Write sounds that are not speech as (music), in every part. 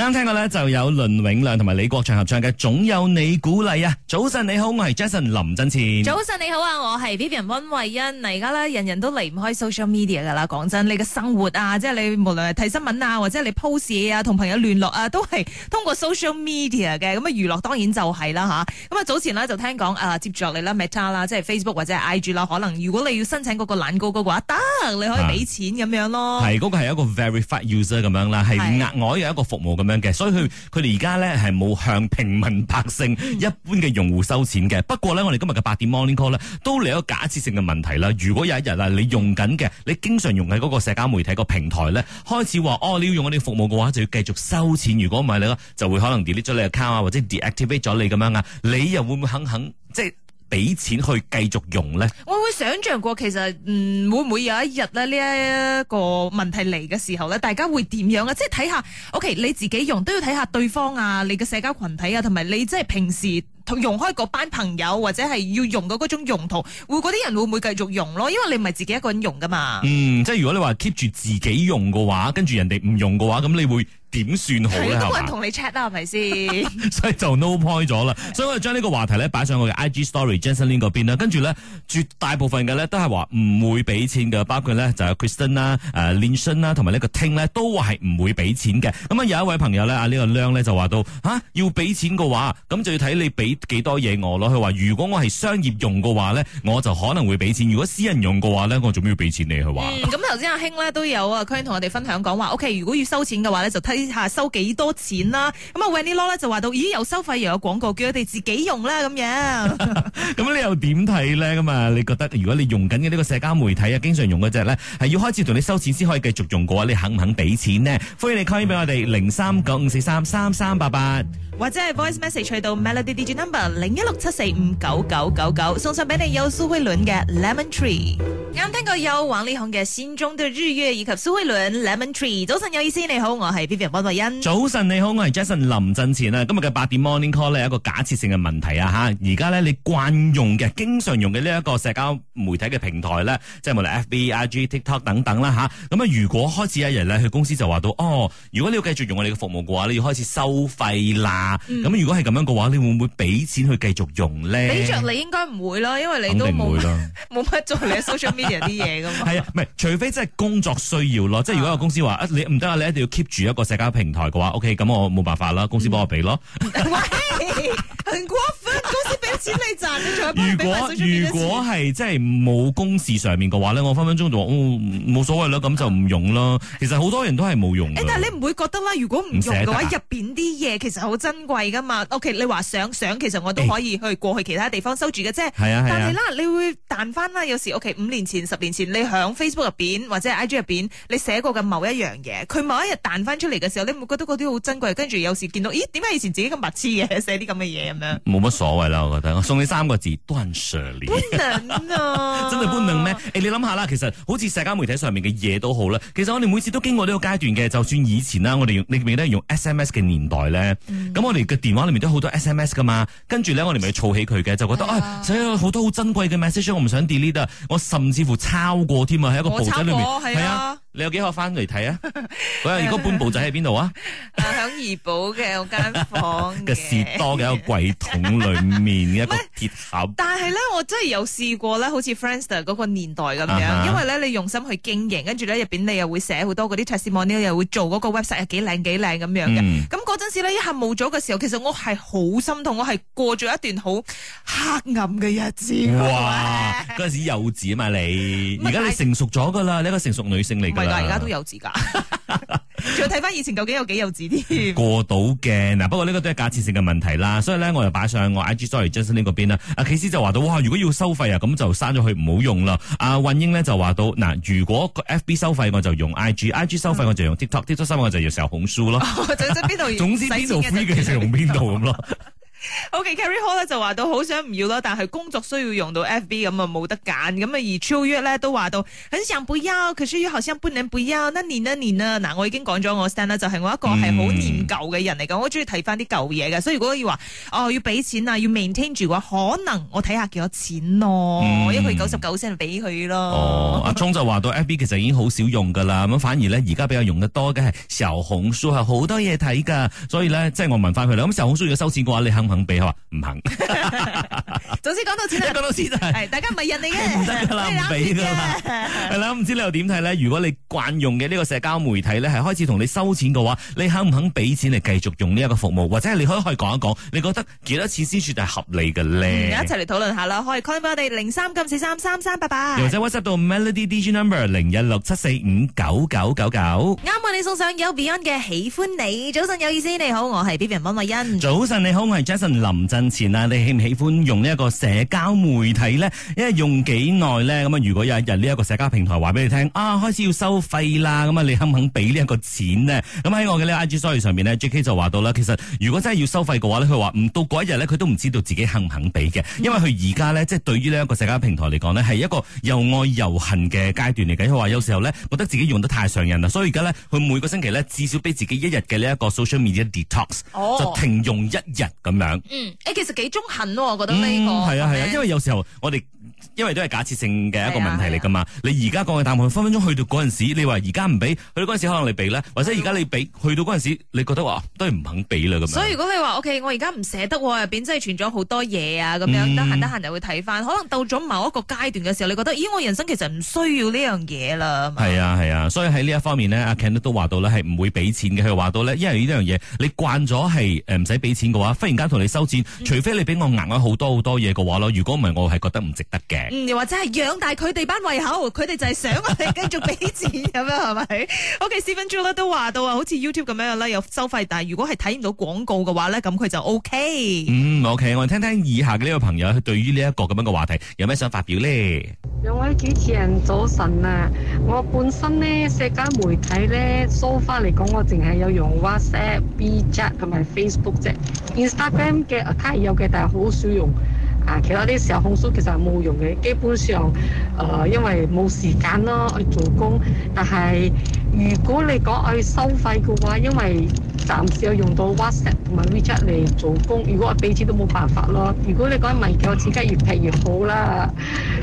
啱聽過咧，就有倫永亮同埋李國祥合唱嘅《總有你鼓勵》啊！早晨你好，我係 Jason 林振前。早晨你好啊，我係 Vivian 溫慧欣。而家咧，人人都離唔開 social media 噶啦。講真，你嘅生活啊，即係你無論係睇新聞啊，或者你 post 嘢啊，同朋友聯絡啊，都係通過 social media 嘅。咁啊，娛樂當然就係啦吓。咁啊，早前咧就聽講啊、呃，接住落嚟啦，Meta 啦，Meta，即係 Facebook 或者 IG 啦，可能如果你要申請嗰個廣告嘅話，得，你可以俾錢咁樣咯。係、啊，嗰、嗰個係一個 Verified User 咁樣啦，係額外一是有一個服務咁。嘅，所以佢佢哋而家咧，係冇向平民百姓一般嘅用戶收錢嘅。不過咧，我哋今日嘅八點 morning call 咧，都嚟咗一個假設性嘅問題啦。如果有一日啊，你用緊嘅，你經常用喺嗰個社交媒體個平台咧，開始話哦，你要用我哋服務嘅話，就要繼續收錢。如果唔係你就會可能 delete 咗你嘅 account 啊，或者 deactivate 咗你咁樣啊，你又會唔會肯肯即？俾錢去繼續用咧，我會想象過其實，嗯，會唔會有一日咧呢一個問題嚟嘅時候咧，大家會點樣啊？即係睇下，OK，你自己用都要睇下對方啊，你嘅社交群體啊，同埋你即係平時，用開嗰班朋友或者係要用到嗰種用途，會嗰啲人會唔會繼續用咯？因為你唔係自己一個人用噶嘛。嗯，即係如果你話 keep 住自己用嘅話，跟住人哋唔用嘅話，咁你會點算好咧？都係同你 check 啦 (laughs) 吧，係咪先？所以就 no point 咗啦。對所以我哋將呢個話題咧擺上我嘅 IG story，Jensen Lin 嗰邊啦。跟住咧，絕大部分嘅咧都係話唔會俾錢嘅，包括咧就係 Kristen 啦、誒 Linson 啦，同埋呢個 Ting 咧都係唔會俾錢嘅。咁啊，un, 啊有一位朋友咧、這個，啊呢個娘咧就話到吓，要俾錢嘅話，咁就要睇你俾。幾多嘢，我咯？佢話，如果我係商業用嘅話咧，我就可能會俾錢；如果私人用嘅話咧，我仲要俾錢你。佢話、嗯。咁頭先阿興咧都有啊，佢同我哋分享講話，OK，如果要收錢嘅話咧，就睇下收幾多錢啦。咁啊，Wendy Lo 咧就話到，咦，又收費又有廣告，叫佢哋自己用啦咁樣。咁你又點睇咧？咁啊，你覺得如果你用緊嘅呢個社交媒體啊，經常用嗰隻咧，係要開始同你收錢先可以繼續用嘅話，你肯唔肯俾錢呢？歡迎你 call 俾我哋零三九五四三三三八八，或者係 voice message 去到 melody D J number 零一六七四五九九九九，送上俾你有蘇慧倫嘅 Lemon Tree。啱聽過有王力宏嘅心中的日月，以及蘇慧倫 Lemon Tree。早晨，有意思你好，我係 Vivian 溫諾恩。早晨你好，我係 Jason 林振前啊。今日嘅八點 morning call 咧，有一個假設性嘅問題啊吓。而家呢，你慣用嘅、經常用嘅呢一個社交媒體嘅平台呢，即係無論 F B I G TikTok 等等啦吓。咁啊，如果開始一日呢去公司就話到哦，如果你要繼續用我哋嘅服務嘅話，你要開始收費啦。咁、嗯、如果係咁樣嘅話，你會唔會俾錢去繼續用咧？俾着你應該唔會囉，因為你都冇冇乜做嘅 social media 啲嘢噶嘛。係 (laughs) 啊，唔係除非真係工作需要咯。啊、即係如果有公司話你唔得啊，你一定要 keep 住一個社交平台嘅話，OK，咁我冇辦法啦，公司幫我俾咯。如 (laughs) 果公司俾錢你賺，你仲幫我俾 (laughs) 如果如果係真係冇公事上面嘅話咧，我分分鐘就冇冇、哦、冇所謂啦，咁就唔用啦。嗯、其實好多人都係冇用、欸。但係你唔會覺得啦？如果唔用嘅話，入邊啲嘢其實好真。貴噶嘛？O、okay, K，你話想，想其實我都可以去過去其他地方收住嘅啫。係啊、欸、但係啦，你會彈翻啦。有時 okay 五年前、十年前，你響 Facebook 入邊或者 I G 入邊，你寫過嘅某一樣嘢，佢某一日彈翻出嚟嘅時候，你會覺得嗰啲好珍貴。跟住有時見到，咦？點解以前自己咁白痴嘅寫啲咁嘅嘢咁樣？冇乜所謂啦， (laughs) 我覺得。我送你三個字：斷捨離。斷啊！ (laughs) 真係斷咩？你諗下啦，其實好似社交媒體上面嘅嘢都好啦。其實我哋每次都經過呢個階段嘅。就算以前啦，我哋用你明明都係用 S M S 嘅年代咧。嗯咁我哋嘅電話裏面都有好多 SMS 噶嘛，跟住咧我哋咪儲起佢嘅，就覺得啊，所有好多好珍貴嘅 message，我唔想 delete 啊，我甚至乎抄過添啊，喺一個簿仔裏面，係啊。你有幾可翻嚟睇啊？嗰如果半部仔喺邊度啊？啊 (laughs) ，響怡寶嘅我間房嘅 (laughs) 士多嘅一個櫃桶裏面一個鐵盒。 (laughs) 是但係咧，我真係有試過咧，好似 Frances 嗰個年代咁樣，uh huh. 因為咧你用心去經營，跟住咧入邊你又會寫好多嗰啲雜誌 model 又會做嗰個 website，又幾靚幾靚咁樣嘅。咁嗰陣時咧一下冇咗嘅時候，其實我係好心痛，我係過咗一段好黑暗嘅日子。哇嘩！嗰陣吧時幼稚啊嘛你，而家是你成熟咗噶啦，你一個成熟女性嚟。嗯大家而家都有字噶仲 (laughs) 要睇翻以前究竟有幾幼稚添？ (laughs) 過到嘅嗱，不過呢個都係假設性嘅問題啦。所以咧，我又擺上我 I G sorry Justin 嗰邊啦。阿 K 師就話到哇，如果要收費啊，咁就刪咗佢，唔好用啦。阿運英咧就話到嗱，如果個 F B 收費，我就用 I G，I G 收費，我就用 TikTok；TikTok 收費、 (laughs) 嗯，我就，要有孔 (laughs) 就，就用小紅書咯。總之邊度總之邊度飛嘅就用邊度咁咯。O、okay, K，Carrie Hall 咧就話到好想唔要囉，但係工作需要用到 F B 咁啊冇得揀咁啊，而 Chiu Yue 咧都話到很想退休，佢需要後生不能不休，一年一年。啊！嗱，我已經講咗我 stand 啦，就係我一個係好念舊嘅人嚟噶，我中意睇翻啲舊嘢㗎。所以如果要話哦要俾錢啊，要，要 maintain 住嘅話，可能我睇下幾多錢咯，一個月九十九先俾佢咯。阿聰就話到 F B 其實已經好少用噶啦，咁反而呢，而家比較用得多嘅係小紅書，係好多嘢睇噶，所以咧即係我問翻佢啦，咁小紅書要收錢嘅話，你肯？肯俾佢話唔肯。總之講到錢啦，講到錢係，係大家唔係人嚟嘅。唔得噶啦，唔俾噶啦。係啦，唔知你又點睇咧？如果你慣用嘅呢個社交媒體咧，係開始同你收錢嘅話，你肯唔肯俾錢嚟繼續用呢一個服務？或者係你可以可以講一講，你覺得幾多錢先算係合理嘅咧？一齊嚟討論下啦，可以 call 翻我哋零三九四三三三八八，或者 WhatsApp 到 Melody D G Number 零一六七四五九九九九。啱啱你送上 Beyond 嘅喜歡你，早晨有意思，你好，我係 Beyond 温慧欣。早晨你好，我係 Just。趁臨陣前啊，你喜唔喜歡用呢一個社交媒體咧？因為用幾耐咧？咁啊，如果有一日呢一個社交平台話俾你聽啊，開始要收費啦，咁啊，你肯唔肯俾呢一個錢咧？咁喺我嘅呢個 I G r 據上面咧，J K 就話到啦，其實如果真係要收費嘅話咧，佢話唔到嗰一日咧，佢都唔知道自己肯唔肯俾嘅，因為佢而家咧，即係對於呢一個社交平台嚟講咧，係一個又愛又恨嘅階段嚟嘅。佢話有時候咧，覺得自己用得太上癮啦，所以而家咧，佢每個星期咧，至少俾自己一日嘅呢一個 social media detox，、哦、就停用一日咁樣。嗯，誒，其實幾中肯咯，我覺得呢個係、嗯、啊係啊，因為有時候我哋。因為都係假設性嘅一個問題嚟㗎嘛，啊啊、你而家講嘅答案分分鐘去到嗰陣時，你話而家唔俾，去到嗰陣時可能你俾咧，或者而家你俾，啊、去到嗰陣時你覺得話都係唔肯俾啦咁樣。所以如果你話 O K，我而家唔捨得喎，入邊真係存咗好多嘢啊咁樣，得閒得閒就會睇翻。可能到咗某一個階段嘅時候，你覺得咦我人生其實唔需要呢樣嘢啦。係啊係啊，所以喺呢一方面咧，阿、嗯啊、Ken 都話到咧係唔會俾錢嘅。佢話到咧，因為呢樣嘢你慣咗係誒唔使俾錢嘅話，忽然間同你收錢，嗯、除非你俾我硬咗好多好多嘢嘅話咯，如果唔係我係覺得唔值得。又、嗯、或者係養大佢哋班胃口，佢哋就係想我哋繼續俾錢咁樣，係咪？O K，Stephen Jules 都話到啊，好似 YouTube 咁樣啦，又收費，但係如果係睇唔到廣告嘅話咧，咁佢就 O、OK、K。嗯，O、okay, K，我哋聽聽以下嘅呢位朋友，佢對於呢一個咁樣嘅話題有咩想發表咧？兩位主持人早晨啊！我本身咧，社交媒體咧，so far 嚟講，我淨係有用 WhatsApp、B J 同埋 Facebook 啫，Instagram 嘅 account 有嘅，但係好少用。啊！其他啲時候控訴其實冇用嘅，基本上誒、呃、因為冇時間咯去做工。但係如果你講去收費嘅話，因為暫時有用到 WhatsApp 同埋 WeChat 嚟做工。如果我俾錢都冇辦法咯。如果你講問嘅，我自家越平越好啦。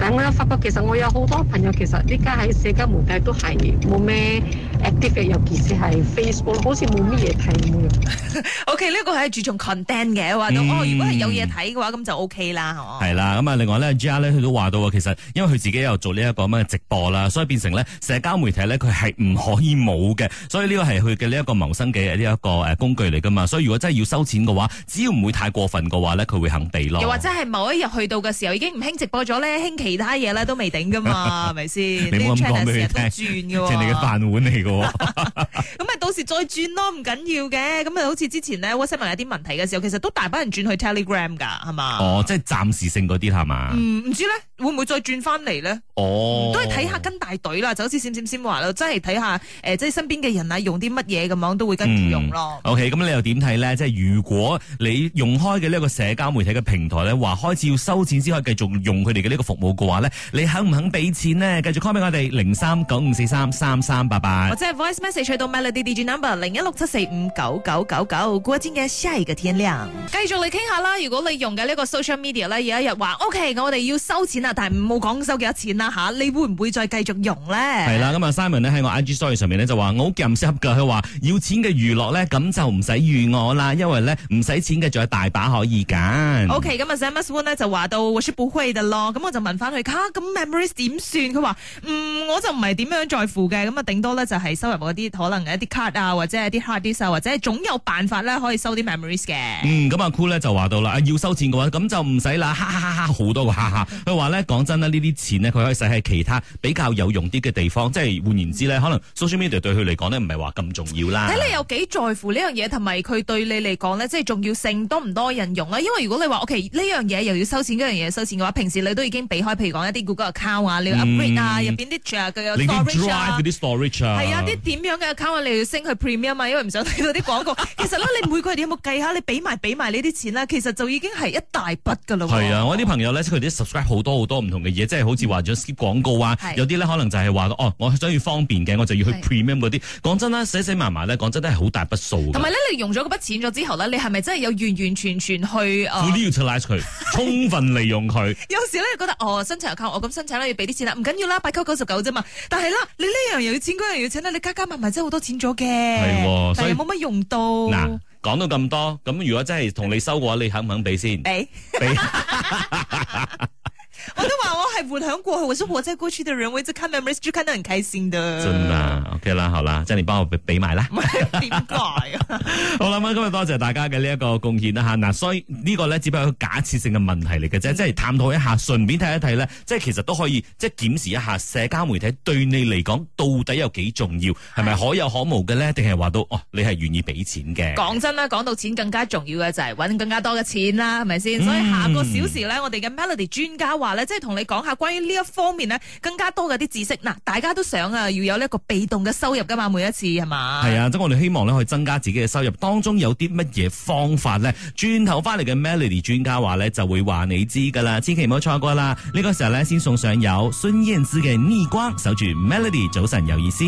但係我有發覺其實我有好多朋友其實而家喺社交媒體都係冇咩。active 尤其是係 Facebook，好似冇乜嘢睇。O K，呢個個係注重 content 嘅，話到、嗯、哦，如果係有嘢睇嘅話，咁就 O K 啦。係、啊、啦，咁啊，另外咧，J R 呢，佢都話到其實因為佢自己又做呢一個咁嘅直播啦，所以變成呢社交媒體呢，佢係唔可以冇嘅。所以呢個係佢嘅呢一個謀生嘅呢一個工具嚟㗎嘛。所以如果真係要收錢嘅話，只要唔會太過分嘅話呢，佢會肯俾咯。又或者係某一日去到嘅時候已經唔興直播咗呢，興其他嘢都未頂㗎嘛，係咪先？啲喎，你嘅飯碗嚟咁咪 (laughs) (laughs) 到時再轉咯，唔緊要嘅。咁啊，好似之前咧 WhatsApp 有啲問題嘅時候，其實都大把人轉去 Telegram 噶，係嘛？哦，即係暫時性嗰啲，係嘛？唔唔，嗯，唔知咧。會唔會再轉翻嚟咧？哦，都係睇下跟大隊啦，就好似閃閃先話啦，即係睇下誒，即係身邊嘅人啊，用啲乜嘢咁樣都會跟住用咯。OK，咁你又點睇咧？即係如果你用開嘅呢個社交媒體嘅平台咧，話開始要收錢先可以繼續用佢哋嘅呢個服務嘅話咧，你肯唔肯俾錢呢？繼續 call 俾我哋零三九五四三三三八八，或者 voice message 去到 Melody D G Number 零一六七四五九九九九，過境嘅下一天亮，繼續你傾下啦。如果你用嘅呢個 social media 咧，有一日話 OK，我哋要收錢啊！但係唔好講收幾多錢啦吓，你會唔會再繼續用咧？係啦，咁啊 Simon 咧喺我 IG Story 上面咧就話我好勁唔適合噶，佢話要錢嘅娛樂咧咁就唔使預我啦，因為咧唔使錢嘅仲有大把可以揀。OK，咁啊 Simon 呢就話到 What's Up 咯，咁我就問翻佢，咁 memories 點算？佢話嗯。」我就唔係點樣在乎嘅，咁啊，頂多咧就係收入嗰啲可能一啲 card 啊，或者一啲 hard disk 啊，或者係總有辦法咧可以收啲 memories 嘅。咁阿 Cool 咧就話到啦，要收錢嘅話，咁就唔使啦，哈，哈哈哈，好多個哈哈。佢話咧，講真啦，呢啲錢呢，佢可以使喺其他比較有用啲嘅地方，即係換言之呢，可能 social media 對佢嚟講呢，唔係話咁重要啦。睇你有幾在乎呢樣嘢，同埋佢對你嚟講呢，即係重要性多唔多人用啦。因為如果你話 OK 呢樣嘢又要收錢，嗰樣嘢收錢嘅話，平時你都已經俾開，譬如講一啲 Google account 啊，你 upgrade 啊，入邊啲你已經 drive 嗰啲 storage 啊，係啊，啲點、啊、樣嘅 account 你要升去 premium 啊，因為唔想睇到啲廣告。 (laughs) 其實咧，你每個月有冇計下？你俾埋俾埋呢啲錢咧，其實就已經係一大筆㗎咯、啊。啊，我啲朋友咧，即係佢啲 subscribe 好多好多唔同嘅嘢，即係好似話咗 skip 廣告啊。是有啲呢可能就係話哦，我想要方便嘅，我就要去 premium 嗰啲是。講真啦，寫寫埋埋咧，講真都係好大筆數。同埋咧，你用咗嗰筆錢咗之後咧，你係咪真係有完完全全去佢，充分利用佢？有時呢你覺得哦，申請又靠我咁申請啦，要俾啲錢啦，唔緊要啦，八九九十九。啫嘛，但係啦，你呢樣又要錢，嗰樣又要錢啦，你加加埋埋真係好多錢咗嘅。係、哦，所以冇乜用到。嗱，講到咁多，咁如果真係同你收嘅話，嗯、你肯唔肯俾先？俾。 (laughs) 我都話我係活喺過去，我是活在過去的人，我只看 memories，就看得很開心的。真啦 OK 啦，好啦，咁你幫我俾埋買啦。點解啊？好啦，咁今日多謝大家嘅呢一個貢獻啦吓。嗱、啊，所以個呢個咧只不過係個假設性嘅問題嚟嘅啫，即係、嗯、探討一下，順便睇一睇咧，即係其實都可以，即係檢視一下社交媒體對你嚟講到底有幾重要，係咪可有可無嘅咧？定係話到哦，你係願意俾錢嘅？講真啦，講到錢更加重要嘅就係、是、搵更加多嘅錢啦，係咪先？嗯、所以下個小時咧，我哋嘅 Melody 專家話。即係同你講下關於呢一方面咧，更加多嘅啲知識。嗱，大家都想啊，要有一個被動嘅收入噶嘛，每一次係嘛？係啊，即係我哋希望咧，可以增加自己嘅收入。當中有啲乜嘢方法咧？轉頭翻嚟嘅 Melody 專家話咧，就會話你知噶啦，千祈唔好錯過啦。呢個時候咧，先送上有孫燕姿嘅逆光，守住 Melody 早晨有意思。